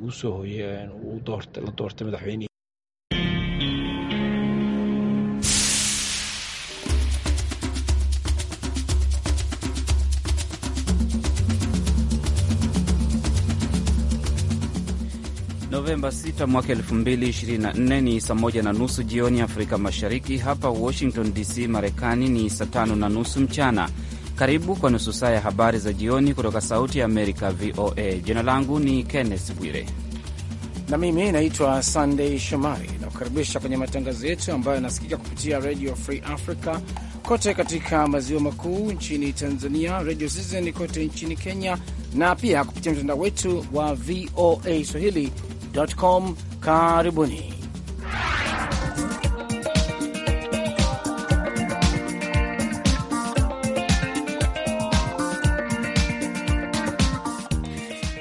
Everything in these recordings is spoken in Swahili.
uu soo la doortay madaxweynihii Novemba 6 mwaka 2024 ni saa moja na nusu jioni Afrika Mashariki. Hapa Washington DC, Marekani ni saa tano na nusu mchana. Karibu kwa nusu saa ya habari za jioni kutoka Sauti ya Amerika, VOA. Jina langu ni Kenneth Bwire na mimi naitwa Sandey Shomari nakukaribisha kwenye matangazo yetu ambayo yanasikika kupitia Redio Free Africa kote katika maziwa makuu, nchini Tanzania, Redio Citizen kote nchini Kenya, na pia kupitia mtandao wetu wa VOA swahili.com. Karibuni.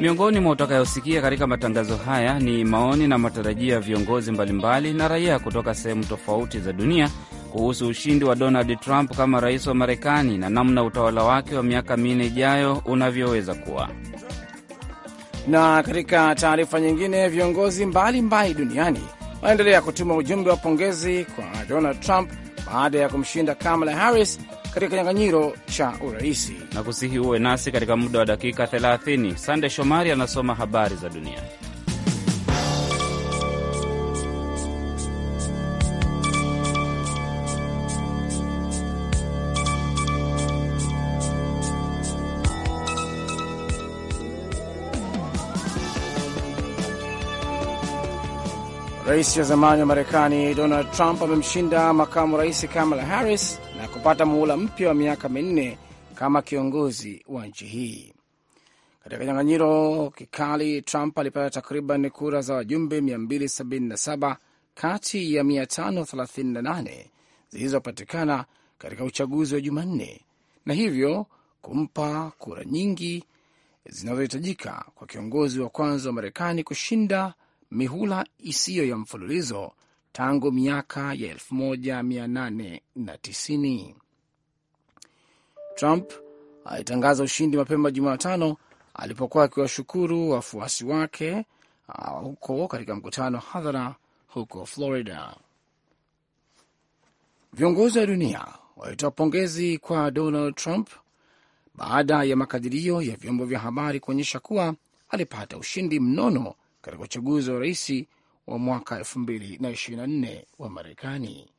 Miongoni mwa utakayosikia katika matangazo haya ni maoni na matarajio ya viongozi mbalimbali na raia kutoka sehemu tofauti za dunia kuhusu ushindi wa Donald Trump kama rais wa Marekani na namna utawala wake wa miaka minne ijayo unavyoweza kuwa. Na katika taarifa nyingine, viongozi mbalimbali duniani wanaendelea kutuma ujumbe wa pongezi kwa Donald Trump baada ya kumshinda Kamala Harris katika kinyang'anyiro cha uraisi, na kusihi uwe nasi katika muda wa dakika 30. Sande Shomari anasoma habari za dunia. Rais wa zamani wa Marekani Donald Trump amemshinda makamu rais Kamala Harris na kupata muhula mpya wa miaka minne kama kiongozi wa nchi hii. Katika nyang'anyiro kikali, Trump alipata takriban kura za wajumbe 277 kati ya 538 zilizopatikana katika uchaguzi wa Jumanne na hivyo kumpa kura nyingi zinazohitajika kwa kiongozi wa kwanza wa Marekani kushinda mihula isiyo ya mfululizo tangu miaka ya 1890. Trump alitangaza ushindi mapema Jumatano alipokuwa akiwashukuru wafuasi wake ah, huko katika mkutano hadhara huko Florida. Viongozi wa dunia walitoa pongezi kwa Donald Trump baada ya makadirio ya vyombo vya habari kuonyesha kuwa alipata ushindi mnono katika uchaguzi wa raisi wa mwaka 2024 wa Marekani.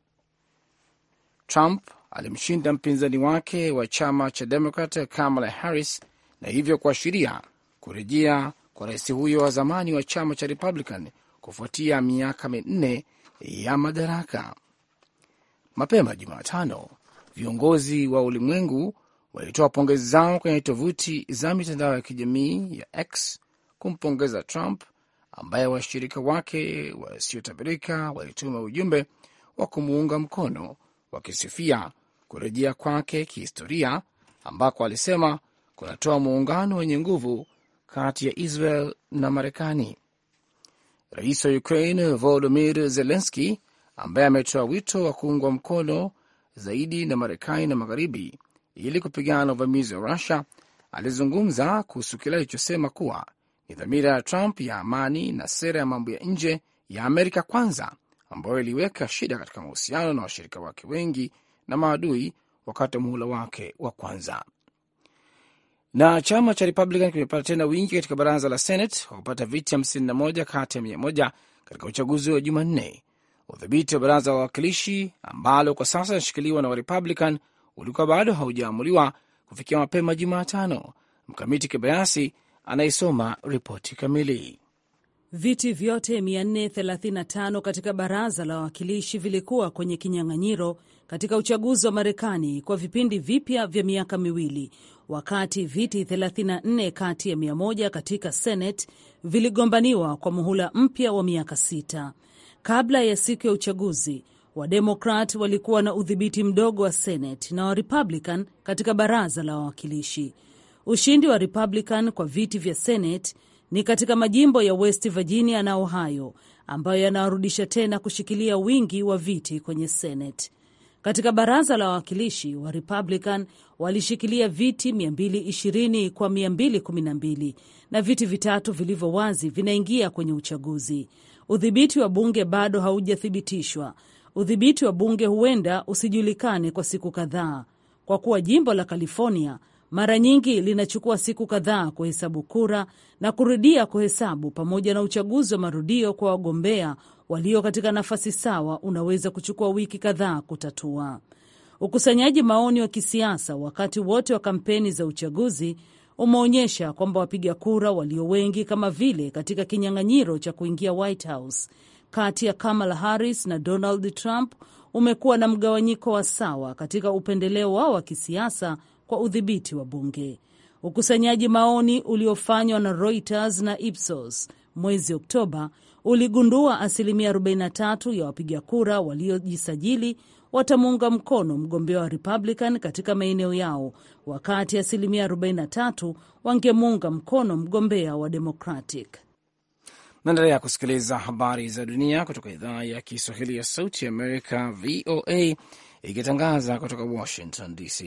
Trump alimshinda mpinzani wake wa chama cha Demokrat Kamala Harris na hivyo kuashiria kurejea kwa rais huyo wa zamani wa chama cha Republican kufuatia miaka minne ya madaraka. Mapema Jumatano, viongozi wa ulimwengu walitoa pongezi zao kwenye tovuti za mitandao ya kijamii ya X kumpongeza Trump ambaye washirika wake wasiotabirika walituma ujumbe wa kumuunga mkono wakisifia kurejea kwake kihistoria, ambako alisema kunatoa muungano wenye nguvu kati ya Israel na Marekani. Rais wa Ukraine Volodymyr Zelensky, ambaye ametoa wito wa kuungwa mkono zaidi na Marekani na Magharibi ili kupigana na uvamizi wa Rusia, alizungumza kuhusu kile alichosema kuwa ni dhamira ya Trump ya amani na sera ya mambo ya nje ya Amerika kwanza ambayo iliweka shida katika mahusiano na washirika wake wengi na maadui wakati wa muhula wake wa kwanza. Na chama cha Republican kimepata tena wingi katika baraza la Senate kwa kupata viti 51 kati ya 100 katika uchaguzi wa Jumanne. Udhibiti wa baraza la wawakilishi ambalo kwa sasa inashikiliwa na Warepublican ulikuwa bado haujaamuliwa kufikia mapema Jumatano. Mkamiti Kibayasi anayesoma ripoti kamili. Viti vyote 435 katika baraza la wawakilishi vilikuwa kwenye kinyang'anyiro katika uchaguzi wa Marekani kwa vipindi vipya vya miaka miwili, wakati viti 34 kati ya 100 katika Senate viligombaniwa kwa muhula mpya wa miaka sita. Kabla ya siku ya uchaguzi, Wademokrat walikuwa na udhibiti mdogo wa Senate na Warepublican katika baraza la wawakilishi. Ushindi wa Republican kwa viti vya Senate ni katika majimbo ya West Virginia na Ohio ambayo yanawarudisha tena kushikilia wingi wa viti kwenye Senate. Katika baraza la wawakilishi wa Republican walishikilia viti 220 kwa 212 na viti vitatu vilivyo wazi vinaingia kwenye uchaguzi. Udhibiti wa bunge bado haujathibitishwa. Udhibiti wa bunge huenda usijulikane kwa siku kadhaa, kwa kuwa jimbo la California mara nyingi linachukua siku kadhaa kuhesabu kura na kurudia kuhesabu, pamoja na uchaguzi wa marudio kwa wagombea walio katika nafasi sawa unaweza kuchukua wiki kadhaa kutatua. Ukusanyaji maoni wa kisiasa wakati wote wa kampeni za uchaguzi umeonyesha kwamba wapiga kura walio wengi, kama vile katika kinyang'anyiro cha kuingia White House kati ya Kamala Harris na Donald Trump, umekuwa na mgawanyiko wa sawa katika upendeleo wao wa kisiasa kwa udhibiti wa bunge. Ukusanyaji maoni uliofanywa na Reuters na Ipsos mwezi Oktoba uligundua asilimia 43 ya wapiga kura waliojisajili watamuunga mkono mgombea wa Republican katika maeneo yao, wakati asilimia 43 wangemuunga mkono mgombea wa Democratic. Naendelea kusikiliza habari za dunia kutoka idhaa ya Kiswahili ya Sauti ya Amerika, VOA, ikitangaza kutoka Washington DC.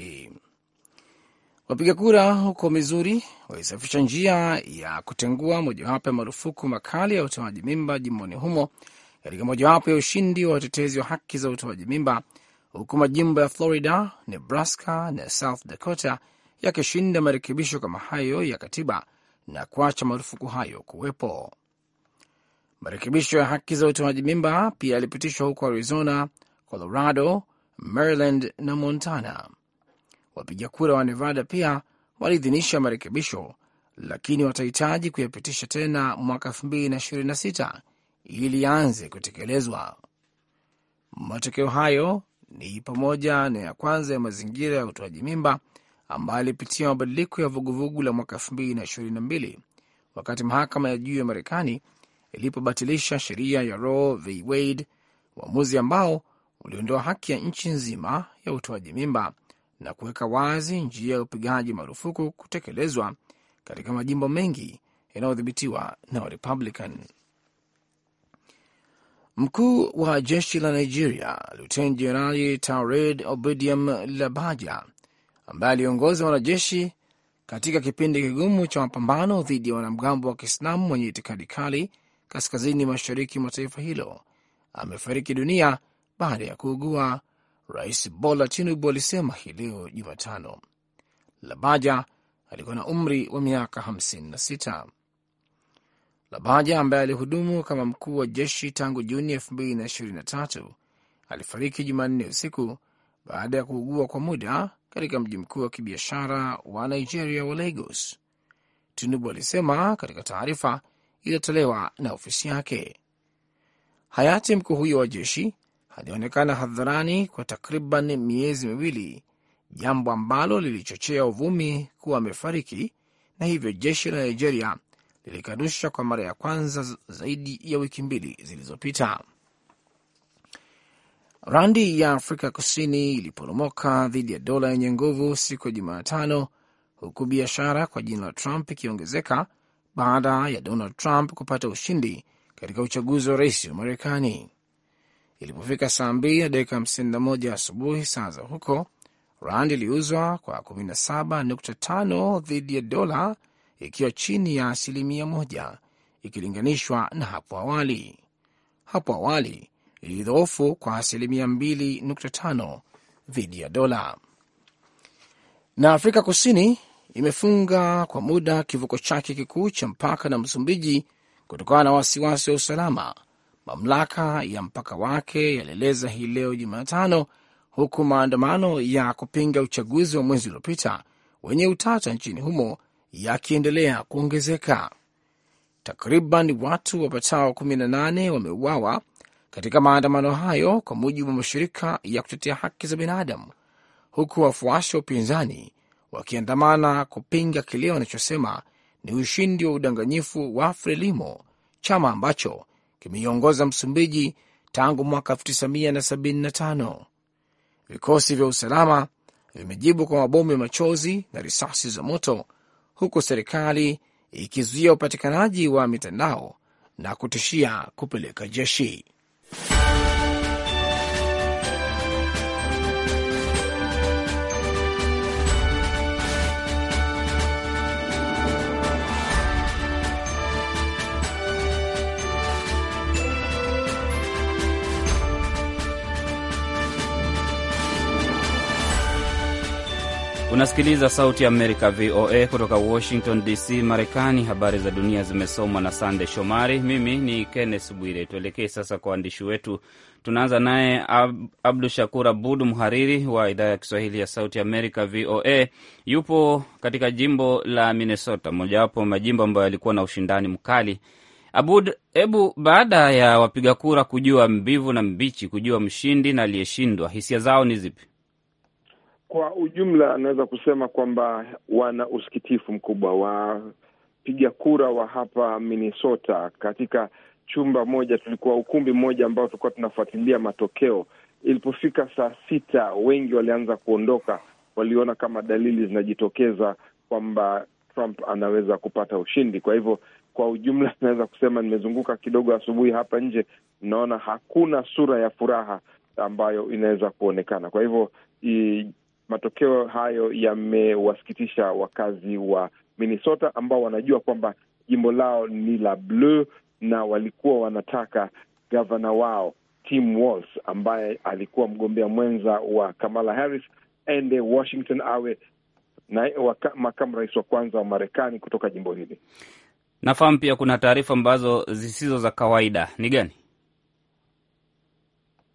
Wapiga kura huko Mizuri walisafisha njia ya kutengua mojawapo ya marufuku makali ya utoaji mimba jimboni humo katika mojawapo ya ushindi wa watetezi wa haki za utoaji mimba, huku majimbo ya Florida, Nebraska na South Dakota yakishinda marekebisho kama hayo ya katiba na kuacha marufuku hayo kuwepo. Marekebisho ya haki za utoaji mimba pia yalipitishwa huko Arizona, Colorado, Maryland na Montana. Wapiga kura wa Nevada pia waliidhinisha marekebisho, lakini watahitaji kuyapitisha tena mwaka 2026 ili yaanze kutekelezwa. Matokeo hayo ni pamoja na ya kwanza ya mazingira ya utoaji mimba ambayo alipitia mabadiliko ya vuguvugu la mwaka 2022 wakati mahakama ya juu ya Marekani ilipobatilisha sheria ya Roe v Wade, uamuzi ambao uliondoa haki ya nchi nzima ya utoaji mimba na kuweka wazi njia ya upigaji marufuku kutekelezwa katika majimbo mengi yanayodhibitiwa na Warepublican. Mkuu wa jeshi la Nigeria Luteni Jenerali tared obedium Labaja, ambaye aliongoza wanajeshi katika kipindi kigumu cha mapambano dhidi ya wanamgambo wa Kiislamu wenye itikadi kali kaskazini mashariki mwa taifa hilo, amefariki dunia baada ya kuugua Rais Bola Tinubu alisema hii leo Jumatano. Labaja alikuwa na umri wa miaka 56. Labaja ambaye alihudumu kama mkuu wa jeshi tangu Juni 2023 alifariki Jumanne usiku baada ya kuugua kwa muda katika mji mkuu wa kibiashara wa Nigeria wa Lagos. Tinubu alisema katika taarifa iliyotolewa na ofisi yake. Hayati mkuu huyo wa jeshi alionekana hadharani kwa takriban miezi miwili, jambo ambalo lilichochea uvumi kuwa amefariki, na hivyo jeshi la Nigeria lilikanusha kwa mara ya kwanza zaidi ya wiki mbili zilizopita. Randi ya Afrika Kusini iliporomoka dhidi ya dola yenye nguvu siku ya Jumatano, huku biashara kwa jina la Trump ikiongezeka baada ya Donald Trump kupata ushindi katika uchaguzi wa rais wa Marekani. Ilipofika saa mbili na dakika hamsini na moja asubuhi saa za huko, rand iliuzwa kwa 17.5 dhidi ya dola, ikiwa chini ya asilimia moja ikilinganishwa na hapo awali. Hapo awali ilidhoofu kwa asilimia 2.5 dhidi ya dola. Na Afrika Kusini imefunga kwa muda kivuko chake kikuu cha mpaka na Msumbiji kutokana na wasiwasi wa usalama mamlaka ya mpaka wake yalieleza hii leo Jumatano, huku maandamano ya kupinga uchaguzi wa mwezi uliopita wenye utata nchini humo yakiendelea kuongezeka. Takriban watu wapatao 18 wameuawa katika maandamano hayo, kwa mujibu wa mashirika ya kutetea haki za binadamu, huku wafuasi wa upinzani wakiandamana kupinga kile wanachosema ni ushindi wa udanganyifu wa Frelimo, chama ambacho kimeiongoza Msumbiji tangu mwaka 1975. Vikosi vya usalama vimejibu kwa mabomu ya machozi na risasi za moto, huku serikali ikizuia upatikanaji wa mitandao na kutishia kupeleka jeshi. Unasikiliza Sauti ya Amerika, VOA, kutoka Washington DC, Marekani. Habari za dunia zimesomwa na Sande Shomari. Mimi ni Kenneth Bwire. Tuelekee sasa kwa waandishi wetu. Tunaanza naye Abdu Shakur Abud, mhariri wa idhaa ya Kiswahili ya Sauti ya Amerika, VOA. Yupo katika jimbo la Minnesota, mojawapo majimbo ambayo yalikuwa na ushindani mkali. Abud, hebu baada ya wapiga kura kujua mbivu na mbichi, kujua mshindi na aliyeshindwa, hisia zao ni zipi? Kwa ujumla, anaweza kusema kwamba wana usikitifu mkubwa. Wapiga kura wa hapa Minnesota, katika chumba moja, tulikuwa ukumbi mmoja ambao tulikuwa tunafuatilia matokeo. Ilipofika saa sita, wengi walianza kuondoka, waliona kama dalili zinajitokeza kwamba Trump anaweza kupata ushindi. Kwa hivyo kwa ujumla, naweza kusema nimezunguka kidogo asubuhi hapa nje, naona hakuna sura ya furaha ambayo inaweza kuonekana. Kwa hivyo Matokeo hayo yamewasikitisha wakazi wa Minnesota ambao wanajua kwamba jimbo lao ni la blu na walikuwa wanataka gavana wao Tim Walz ambaye alikuwa mgombea mwenza wa Kamala Harris ende Washington awe na makamu rais wa kwanza wa Marekani kutoka jimbo hili. Nafahamu pia kuna taarifa ambazo zisizo za kawaida. Ni gani?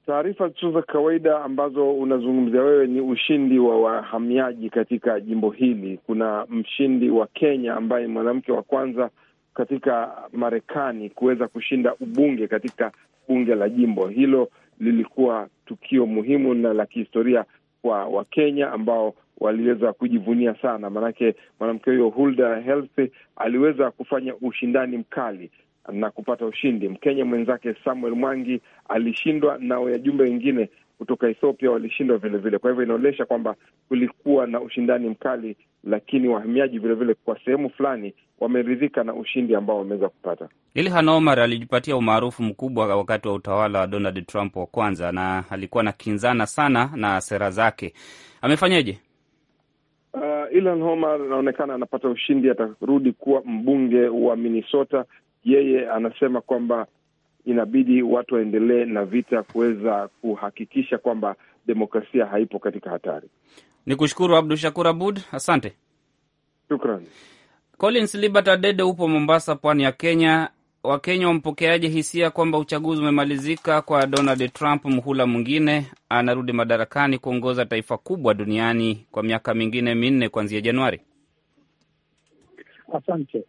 Taarifa tu za kawaida ambazo unazungumzia wewe ni ushindi wa wahamiaji katika jimbo hili. Kuna mshindi wa Kenya ambaye ni mwanamke wa kwanza katika Marekani kuweza kushinda ubunge katika bunge la jimbo hilo. Lilikuwa tukio muhimu na la kihistoria kwa Wakenya ambao waliweza kujivunia sana, maanake mwanamke huyo Hulda Health aliweza kufanya ushindani mkali na kupata ushindi. Mkenya mwenzake Samuel Mwangi alishindwa na wajumbe wengine kutoka Ethiopia walishindwa vilevile. Kwa hivyo inaonyesha kwamba kulikuwa na ushindani mkali, lakini wahamiaji vilevile kwa sehemu fulani wameridhika na ushindi ambao wameweza kupata. Ilhan Omar alijipatia umaarufu mkubwa wakati wa utawala wa Donald Trump wa kwanza, na alikuwa na kinzana sana na sera zake. Amefanyaje? Uh, Ilhan Omar anaonekana anapata ushindi, atarudi kuwa mbunge wa Minnesota yeye anasema kwamba inabidi watu waendelee na vita kuweza kuhakikisha kwamba demokrasia haipo katika hatari. Ni kushukuru Abdu Shakur Abud, asante. shukran Collins Libert Adede, upo Mombasa, pwani ya Kenya. Wakenya wampokeaje hisia kwamba uchaguzi umemalizika kwa Donald Trump, mhula mwingine anarudi madarakani kuongoza taifa kubwa duniani kwa miaka mingine minne kuanzia Januari? Asante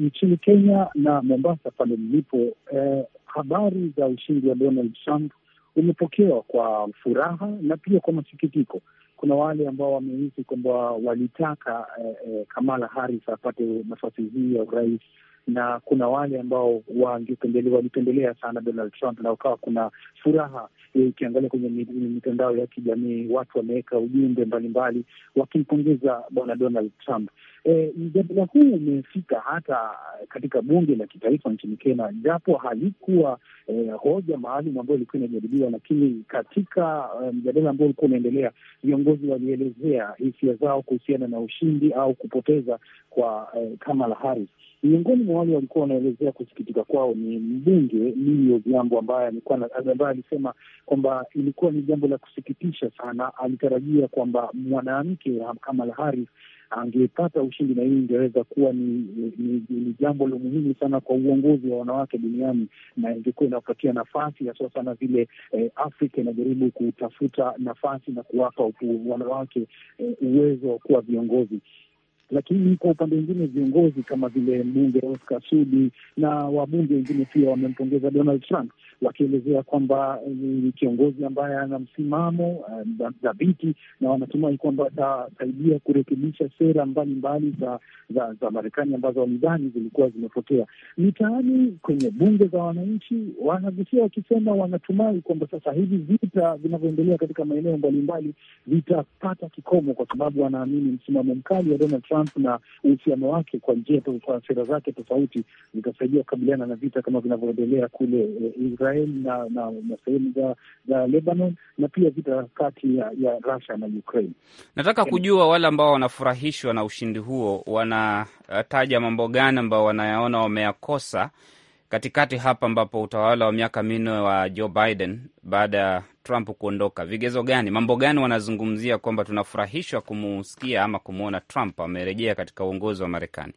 nchini Kenya na Mombasa pale nilipo, eh, habari za ushindi wa Donald Trump umepokewa kwa furaha na pia kwa masikitiko. Kuna wale ambao wamehisi kwamba walitaka eh, eh, Kamala Harris apate nafasi hii ya urais na kuna wale ambao walipendelea sana Donald Trump na ukawa kuna furaha. Eh, ukiangalia kwenye mitandao ya kijamii, watu wameweka ujumbe mbalimbali wakimpongeza bwana Donald Trump. E, mjadala huu umefika hata katika bunge la kitaifa nchini Kenya, japo halikuwa e, hoja maalum ambayo ilikuwa inajadiliwa, lakini katika mjadala um, ambao ulikuwa unaendelea, viongozi walielezea hisia zao kuhusiana na ushindi au kupoteza kwa e, Kamala Harris. Miongoni mwa wale walikuwa wanaelezea kusikitika kwao ni mbunge Lio jambo ambaye ambaye alisema kwamba ilikuwa ni jambo la kusikitisha sana. Alitarajia kwamba mwanamke Kamala Harris angepata ushindi na hii ingeweza kuwa ni, ni, ni jambo la muhimu sana kwa uongozi wa wanawake duniani na ingekuwa inapatia nafasi haswa sana vile eh, Afrika inajaribu kutafuta nafasi na kuwapa wanawake eh, uwezo wa kuwa viongozi. Lakini kwa upande wengine viongozi kama vile mbunge Oscar Sudi na wabunge wengine pia wamempongeza Donald Trump wakielezea kwamba eh, ni kiongozi ambaye ana msimamo eh, dhabiti, na wanatumai kwamba atasaidia kurekebisha sera mbalimbali za za, za Marekani ambazo walidhani zilikuwa zimepotea. Mitaani kwenye bunge za wananchi wanagusia wakisema, wanatumai kwamba sasa hivi vita vinavyoendelea katika maeneo mbalimbali vitapata kikomo, kwa sababu wanaamini msimamo mkali wa Donald Trump na uhusiano wake kwa njia, kwa sera zake tofauti zitasaidia kukabiliana na vita kama vinavyoendelea kule eh, Israel Israel na, na, na sehemu za, za Lebanon na pia vita kati ya, ya Russia na Ukraine. Nataka kujua wale ambao wanafurahishwa na ushindi huo wanataja mambo gani ambao wanayaona wameyakosa katikati hapa ambapo utawala wa miaka minne wa Joe Biden baada ya Trump kuondoka, vigezo gani, mambo gani wanazungumzia kwamba tunafurahishwa kumusikia ama kumwona Trump amerejea katika uongozi wa Marekani?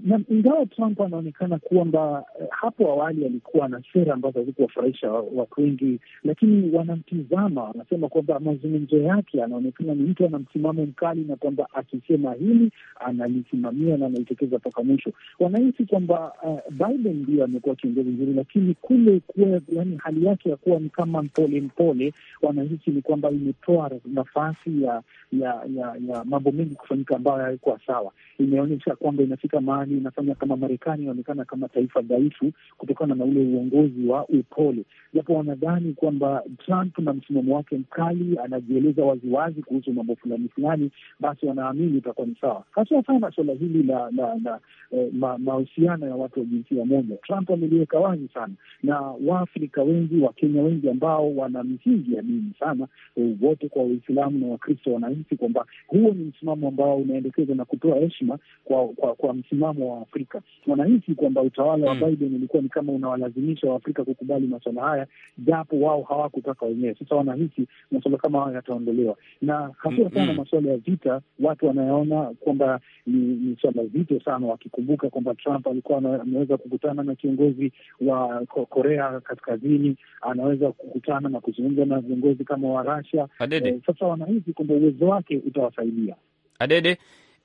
na ingawa Trump anaonekana kwamba eh, hapo awali alikuwa na sera ambazo hazikuwafurahisha watu wengi, lakini wanamtizama, wanasema kwamba mazungumzo yake anaonekana ni mtu ana msimamo mkali, na kwamba akisema hili analisimamia na analitekeza mpaka mwisho. Wanahisi kwamba uh, Biden ndio amekuwa kiongozi mzuri, lakini kule kuwa, yani hali yake ya kuwa ni kama mpole mpole, wanahisi ni kwamba imetoa nafasi ya ya, ya, ya mambo mengi kufanyika ambayo hayakuwa sawa, imeonyesha kwamba inafika mahali Marekani inafanya kama Marekani inaonekana kama taifa dhaifu kutokana na ule uongozi wa upole, japo wanadhani kwamba Trump na msimamo wake mkali, anajieleza waziwazi kuhusu mambo fulani fulani, basi wanaamini itakuwa ni sawa, haswa sana suala hili la la, la eh, mahusiano ya watu wa jinsia moja. Trump ameliweka wazi sana, na Waafrika wengi, Wakenya wengi ambao wana misingi ya dini sana eh, wote kwa Waislamu na Wakristo wanahisi kwamba huo ni msimamo ambao unaendekezwa na kutoa heshima kwa, kwa, kwa msimamo msimamo wa Afrika. Wanahisi kwamba utawala wa hmm. Biden ulikuwa ni kama unawalazimisha Waafrika kukubali maswala haya, japo wao hawakutaka wenyewe. Sasa wanahisi maswala kama hayo yataondolewa, na haswa sana hmm. maswala ya vita, watu wanayaona kwamba ni, ni swala zito sana, wakikumbuka kwamba Trump alikuwa ameweza kukutana na kiongozi wa Korea Kaskazini, anaweza kukutana na kuzungumza na viongozi kama wa Russia. Eh, sasa wanahisi kwamba uwezo wake utawasaidia Adede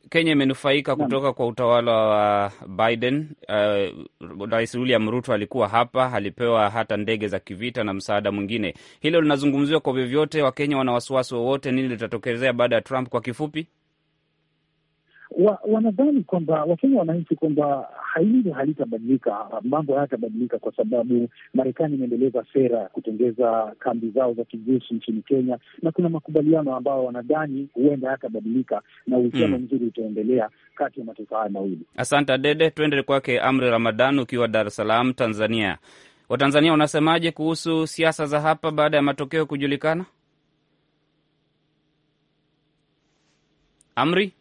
Kenya imenufaika kutoka kwa utawala wa Biden. Uh, Rais William Ruto alikuwa hapa, alipewa hata ndege za kivita na msaada mwingine. Hilo linazungumziwa kwa vyovyote. Wakenya wana wasiwasi wowote, nini litatokezea baada ya Trump? Kwa kifupi wa, wanadhani kwamba Wakenya wananchi kwamba hili halitabadilika, mambo hayatabadilika kwa sababu Marekani imeendeleza sera ya kutengeza kambi zao za kijeshi nchini Kenya, na kuna makubaliano ambayo wanadhani huenda hayatabadilika na uhusiano hmm, mzuri utaendelea kati ya mataifa haya mawili. Asante Dede, tuende kwake Amri Ramadan ukiwa Dar es Salaam, Tanzania. Watanzania wanasemaje kuhusu siasa za hapa baada ya matokeo kujulikana? Amri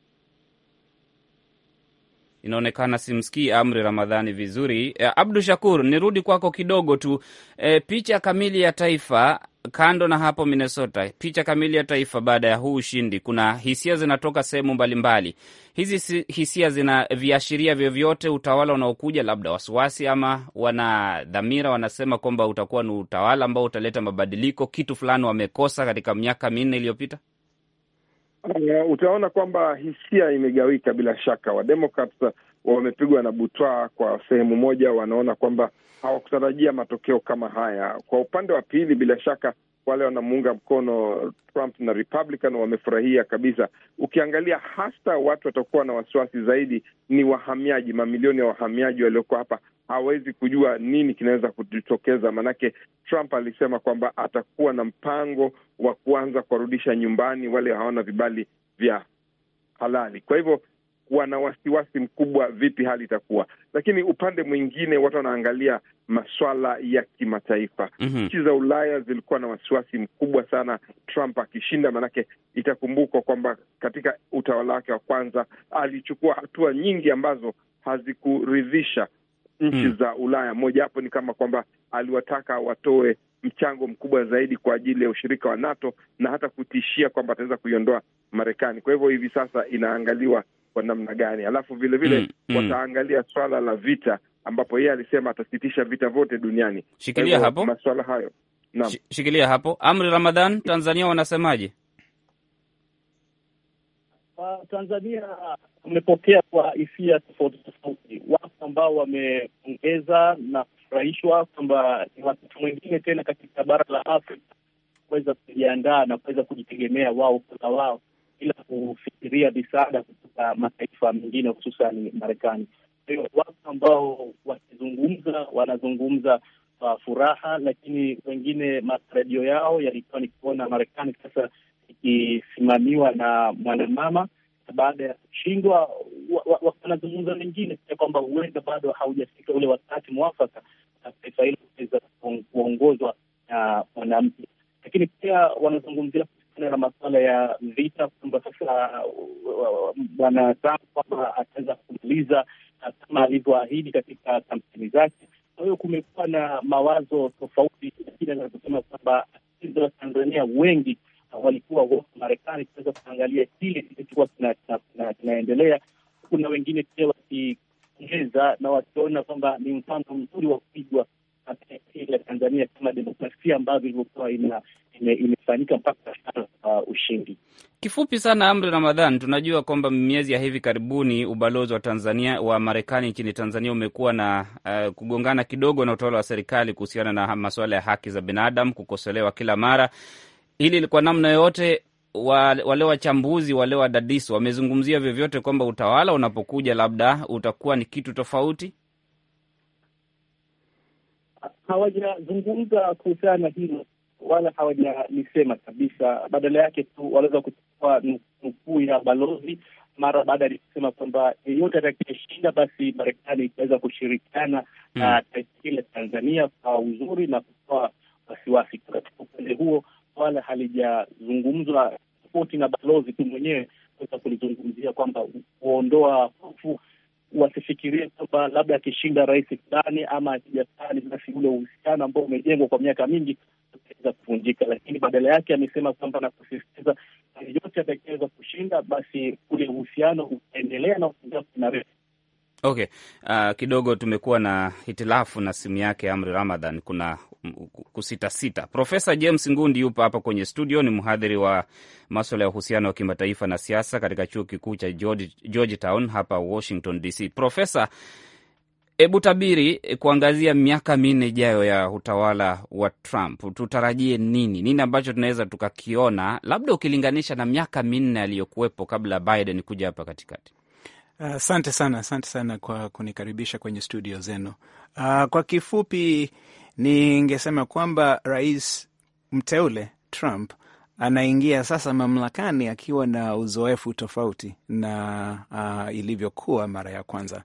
Inaonekana simsikii Amri Ramadhani vizuri. E, Abdu Shakur, nirudi kwako kidogo tu. E, picha kamili ya taifa kando na hapo Minnesota, picha kamili ya taifa baada ya huu ushindi, kuna hisia zinatoka sehemu mbalimbali. Hizi hisia zina viashiria vyovyote utawala unaokuja, labda wasiwasi, ama wana dhamira, wanasema kwamba utakuwa ni utawala ambao utaleta mabadiliko? Kitu fulani wamekosa katika miaka minne iliyopita. Uh, utaona kwamba hisia imegawika. Bila shaka Wademokrat eh, wamepigwa na butwaa kwa sehemu moja, wanaona kwamba hawakutarajia matokeo kama haya. Kwa upande wa pili, bila shaka wale wanamuunga mkono Trump na Republican wamefurahia kabisa. Ukiangalia hasa watu watakuwa na wasiwasi zaidi ni wahamiaji, mamilioni ya wahamiaji waliokuwa hapa hawezi kujua nini kinaweza kujitokeza. Maanake Trump alisema kwamba atakuwa na mpango wa kuanza kuwarudisha nyumbani wale hawana vibali vya halali. Kwa hivyo wana wasiwasi mkubwa, vipi hali itakuwa. Lakini upande mwingine, watu wanaangalia maswala ya kimataifa. Mhm. Nchi mm -hmm. za Ulaya zilikuwa na wasiwasi mkubwa sana Trump akishinda, maanake itakumbukwa kwamba katika utawala wake wa kwanza alichukua hatua nyingi ambazo hazikuridhisha nchi mm. za Ulaya. moja hapo ni kama kwamba aliwataka watoe mchango mkubwa zaidi kwa ajili ya ushirika wa NATO na hata kutishia kwamba ataweza kuiondoa Marekani. Kwa hivyo hivi sasa inaangaliwa kwa namna gani, alafu vilevile mm, mm. wataangalia swala la vita, ambapo yeye alisema atasitisha vita vyote duniani. Shikilia hapo hayo. Naam, shikilia hapo. Amri Ramadhan, Tanzania wanasemaje? Ah, Tanzania wamepokea kwa hisia tofauti tofauti. Wapo ambao wamepongeza na kufurahishwa kwamba ni wakati mwingine tena katika bara la Afrika kuweza kujiandaa na kuweza kujitegemea wao kwa wao bila kufikiria misaada kutoka mataifa mengine hususan Marekani. Kwa hiyo watu ambao wakizungumza wanazungumza kwa furaha, lakini wengine matarajio yao yalikuwa ni kuona Marekani sasa ikisimamiwa na mwanamama. Baada ya kushindwa, wanazungumza mengine pia kwamba huenda bado haujafika ule wakati mwafaka na taifa hilo kuweza kuongozwa na mwanamke, lakini pia wanazungumzia na masuala ya vita kwamba sasa uh, bwana Trump kwamba ataweza kumaliza uh, kama alivyoahidi katika kampeni zake. Kwa hiyo kumekuwa na mawazo tofauti, lakini anazosema kwamba Tanzania wengi walikuwa wote Marekani. Tunaweza kuangalia kile kilichokuwa kinaendelea, kuna wengine pia wakiongeza na wakiona kwamba ni mfano mzuri wa kupigwa ya Tanzania kama demokrasia ambavyo ilivyokuwa imefanyika mpaka uh, ushindi. Kifupi sana, Amri Ramadhan, tunajua kwamba miezi ya hivi karibuni ubalozi wa Tanzania wa Marekani nchini Tanzania umekuwa na uh, kugongana kidogo na utawala wa serikali kuhusiana na masuala ya haki za binadamu, kukosolewa kila mara hili kwa namna yoyote wale wachambuzi wale wadadisi wamezungumzia vyovyote kwamba utawala unapokuja labda utakuwa ni kitu tofauti? Hawajazungumza kuhusiana na hilo wala hawajalisema kabisa. Badala yake tu wanaweza kuchukua nukuu ya balozi mara baada ya kusema kwamba yeyote atakayeshinda basi Marekani itaweza kushirikiana na hmm. taifa hili la Tanzania kwa uzuri na kutoa wasiwasi katika upande huo wala halijazungumzwa tofauti na balozi tu mwenyewe kuweza kulizungumzia kwamba kuondoa hofu, wasifikirie kwamba labda akishinda rais fulani ama akija fulani, basi ule uhusiano ambao umejengwa kwa miaka mingi utaweza kuvunjika. Lakini badala yake amesema kwamba na kusisitiza, yote atakiweza kushinda, basi ule uhusiano utaendelea na kuendelea kuimarika. Okay. Uh, kidogo tumekuwa na hitilafu na simu yake Amri Ramadhan, kuna kusitasita. Profesa James Ngundi yupo hapa kwenye studio, ni mhadhiri wa maswala ya uhusiano wa kimataifa na siasa katika chuo kikuu cha George, Georgetown hapa Washington DC. Profesa, hebu tabiri eh, kuangazia miaka minne ijayo ya utawala wa Trump, tutarajie nini? Nini ambacho tunaweza tukakiona, labda ukilinganisha na miaka minne aliyokuwepo kabla Biden kuja hapa katikati? Asante uh, sana, asante sana kwa kunikaribisha kwenye studio zenu. Uh, kwa kifupi ningesema kwamba rais mteule Trump anaingia sasa mamlakani akiwa na uzoefu tofauti na uh, ilivyokuwa mara ya kwanza.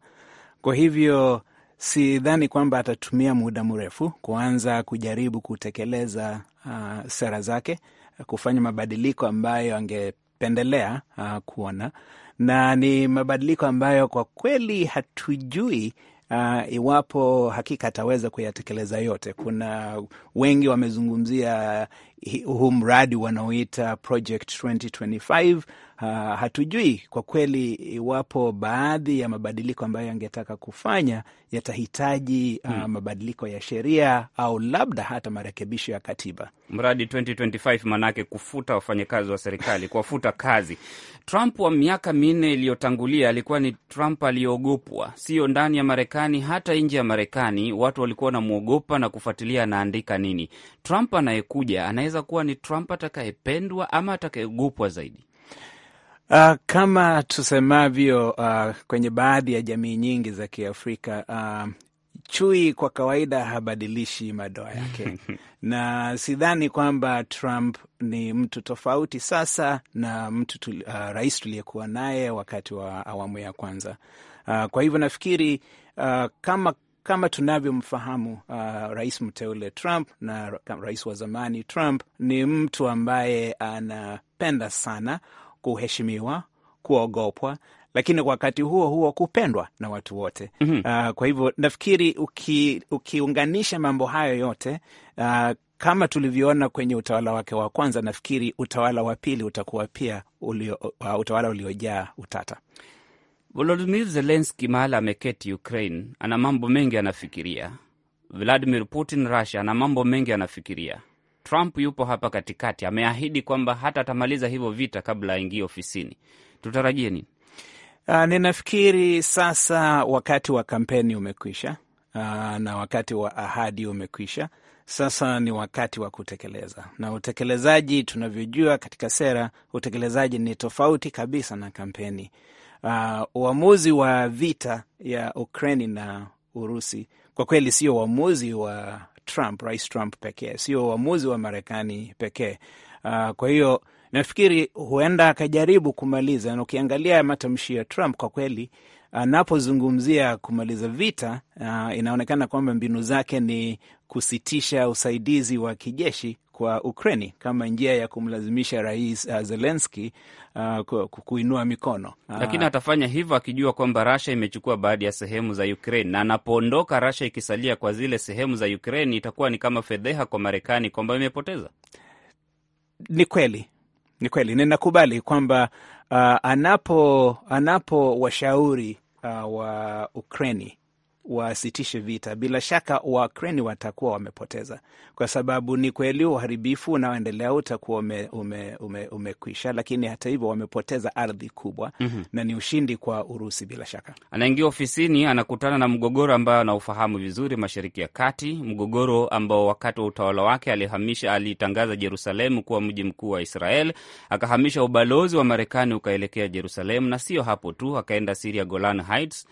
Kwa hivyo sidhani kwamba atatumia muda mrefu kuanza kujaribu kutekeleza uh, sera zake, kufanya mabadiliko ambayo angependelea uh, kuona na ni mabadiliko ambayo kwa kweli hatujui Uh, iwapo hakika ataweza kuyatekeleza yote. Kuna wengi wamezungumzia huu mradi wanaoita Project 2025 uh, hatujui kwa kweli iwapo baadhi ya mabadiliko ambayo yangetaka kufanya yatahitaji uh, hmm, mabadiliko ya sheria au labda hata marekebisho ya katiba. Mradi 2025 maanake kufuta wafanyakazi wa serikali, kuwafuta kazi. Trump wa miaka minne iliyotangulia alikuwa ni Trump aliyeogopwa, sio ndani ya Marekani, hata nje ya Marekani watu walikuwa wanamwogopa na kufuatilia anaandika nini. Trump anayekuja anaweza inaweza kuwa ni Trump atakayependwa ama atakayegupwa zaidi? Uh, kama tusemavyo uh, kwenye baadhi ya jamii nyingi za Kiafrika uh, chui kwa kawaida habadilishi madoa yake na sidhani kwamba Trump ni mtu tofauti sasa na mtu tuli, uh, rais tuliyekuwa naye wakati wa awamu ya kwanza. Uh, kwa hivyo nafikiri uh, kama kama tunavyomfahamu uh, rais mteule Trump na rais wa zamani Trump ni mtu ambaye anapenda sana kuheshimiwa, kuogopwa lakini kwa wakati huo huo kupendwa na watu wote. mm -hmm. Uh, kwa hivyo nafikiri uki, ukiunganisha mambo hayo yote uh, kama tulivyoona kwenye utawala wake wa kwanza, nafikiri utawala wa pili utakuwa pia ulio, uh, utawala uliojaa utata. Volodimir Zelenski mahali ameketi Ukraine ana mambo mengi anafikiria. Vladimir Putin Russia ana mambo mengi anafikiria. Trump yupo hapa katikati, ameahidi kwamba hata atamaliza hivyo vita kabla aingie ofisini. Tutarajie nini? Uh, ninafikiri sasa wakati wa kampeni umekwisha, uh, na wakati wa ahadi umekwisha. Sasa ni wakati wa kutekeleza, na utekelezaji tunavyojua katika sera, utekelezaji ni tofauti kabisa na kampeni uh, uamuzi wa vita ya Ukraini na Urusi kwa kweli sio uamuzi wa Trump, Rais Trump pekee, sio uamuzi wa Marekani pekee. Uh, kwa hiyo nafikiri huenda akajaribu kumaliza, na ukiangalia matamshi ya Trump kwa kweli anapozungumzia kumaliza vita uh, inaonekana kwamba mbinu zake ni kusitisha usaidizi wa kijeshi kwa Ukraini kama njia ya kumlazimisha Rais uh, Zelenski uh, kuinua mikono uh, lakini atafanya hivyo akijua kwamba Rasha imechukua baadhi ya sehemu za Ukraini na anapoondoka Rasha ikisalia kwa zile sehemu za Ukraini itakuwa ni kama fedheha kwa Marekani kwamba imepoteza. Ni kweli, ni kweli, ninakubali kwamba uh, anapo anapo washauri uh, wa Ukraini wasitishe vita, bila shaka Wakreni watakuwa wamepoteza, kwa sababu ni kweli uharibifu unaoendelea utakuwa ume, ume, ume, umekwisha, lakini hata hivyo wamepoteza ardhi kubwa mm -hmm. na ni ushindi kwa Urusi bila shaka. Anaingia ofisini, anakutana na mgogoro ambayo anaufahamu vizuri, Mashariki ya Kati, mgogoro ambao wakati wa utawala wake alihamisha, alitangaza Jerusalemu kuwa mji mkuu wa Israel, akahamisha ubalozi wa Marekani ukaelekea Jerusalemu, na sio hapo tu, akaenda Siria, Golan Heights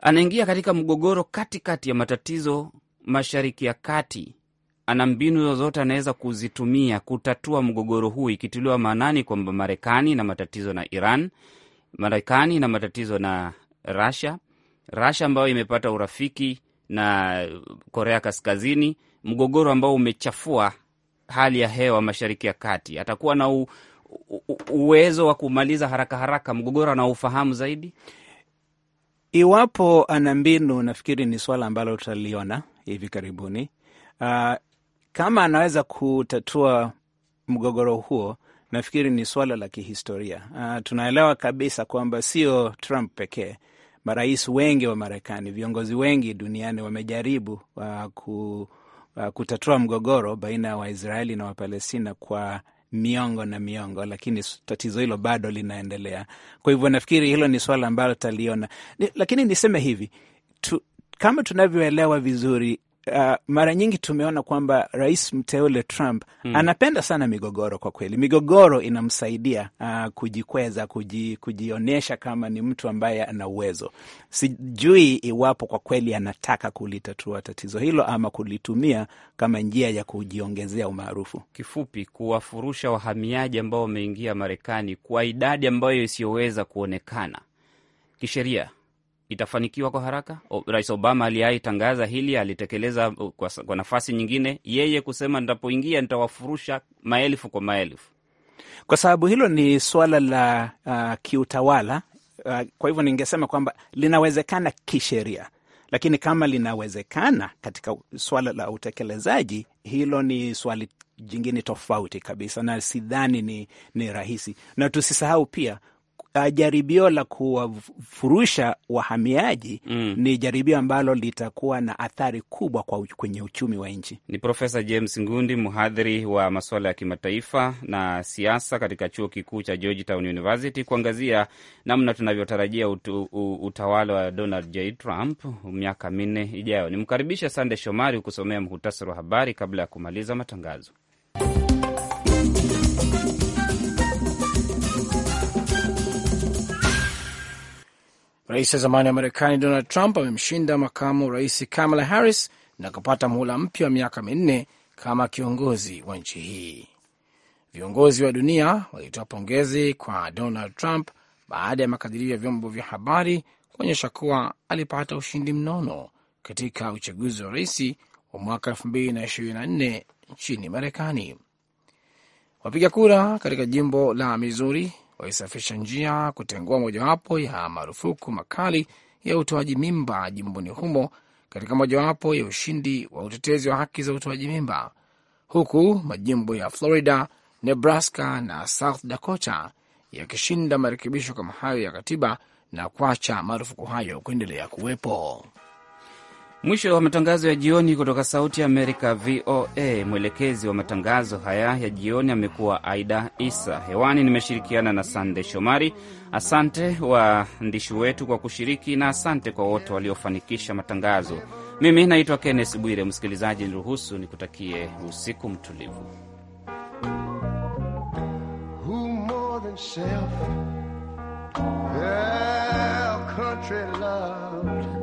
anaingia katika mgogoro katikati kati ya matatizo Mashariki ya Kati. Ana mbinu zozote anaweza kuzitumia kutatua mgogoro huu, ikitiliwa maanani kwamba Marekani ina matatizo na Iran, Marekani ina matatizo na rasia Rasia ambayo imepata urafiki na Korea Kaskazini, mgogoro ambao umechafua hali ya hewa Mashariki ya Kati. Atakuwa na u, u, uwezo wa kumaliza haraka haraka mgogoro anaufahamu zaidi? iwapo ana mbinu, nafikiri ni swala ambalo tutaliona hivi karibuni. Uh, kama anaweza kutatua mgogoro huo, nafikiri ni swala la kihistoria. Uh, tunaelewa kabisa kwamba sio Trump pekee, marais wengi wa Marekani, viongozi wengi duniani wamejaribu uh, ku, uh, kutatua mgogoro baina ya wa Waisraeli na Wapalestina kwa miongo na miongo, lakini tatizo hilo bado linaendelea. Kwa hivyo nafikiri hilo ni swala ambalo taliona lakini niseme hivi tu, kama tunavyoelewa vizuri Uh, mara nyingi tumeona kwamba rais mteule Trump hmm, anapenda sana migogoro. Kwa kweli migogoro inamsaidia uh, kujikweza, kuji, kujionyesha kama ni mtu ambaye ana uwezo. Sijui iwapo kwa kweli anataka kulitatua tatizo hilo ama kulitumia kama njia ya kujiongezea umaarufu. Kifupi, kuwafurusha wahamiaji ambao wameingia Marekani kwa idadi ambayo isiyoweza kuonekana kisheria itafanikiwa kwa haraka? Rais Obama aliyaitangaza hili alitekeleza uh, kwa, kwa nafasi nyingine, yeye kusema nitapoingia nitawafurusha maelfu kwa maelfu, kwa sababu hilo ni suala la uh, kiutawala uh, kwa hivyo ningesema kwamba linawezekana kisheria lakini kama linawezekana katika swala la utekelezaji, hilo ni swali jingine tofauti kabisa, na sidhani ni, ni rahisi. Na tusisahau pia uh, jaribio la kuwafurusha wahamiaji mm. ni jaribio ambalo litakuwa na athari kubwa kwa kwenye uchumi wa nchi. Ni Profesa James Ngundi, mhadhiri wa masuala ya kimataifa na siasa katika chuo kikuu cha Georgetown University, kuangazia namna tunavyotarajia utawala wa Donald J Trump miaka minne ijayo. Nimkaribishe Sande Shomari kusomea muhtasari wa habari kabla ya kumaliza matangazo. Rais wa zamani wa Marekani Donald Trump amemshinda makamu rais Kamala Harris na kupata muhula mpya wa miaka minne kama kiongozi wa nchi hii. Viongozi wa dunia walitoa pongezi kwa Donald Trump baada ya makadirio ya vyombo vya habari kuonyesha kuwa alipata ushindi mnono katika uchaguzi wa rais wa mwaka 2024 nchini Marekani. Wapiga kura katika jimbo la Mizuri walisafisha njia kutengua mojawapo ya marufuku makali ya utoaji mimba jimboni humo katika mojawapo ya ushindi wa utetezi wa haki za utoaji mimba, huku majimbo ya Florida, Nebraska na South Dakota yakishinda marekebisho kama hayo ya katiba na kuacha marufuku hayo kuendelea kuwepo. Mwisho wa matangazo ya jioni kutoka Sauti ya Amerika, VOA. Mwelekezi wa matangazo haya ya jioni amekuwa Aida Isa. Hewani nimeshirikiana na Sande Shomari. Asante waandishi wetu kwa kushiriki na asante kwa wote waliofanikisha matangazo. Mimi naitwa Kenneth Bwire. Msikilizaji, niruhusu nikutakie usiku mtulivu. Who more than self, yeah, country love.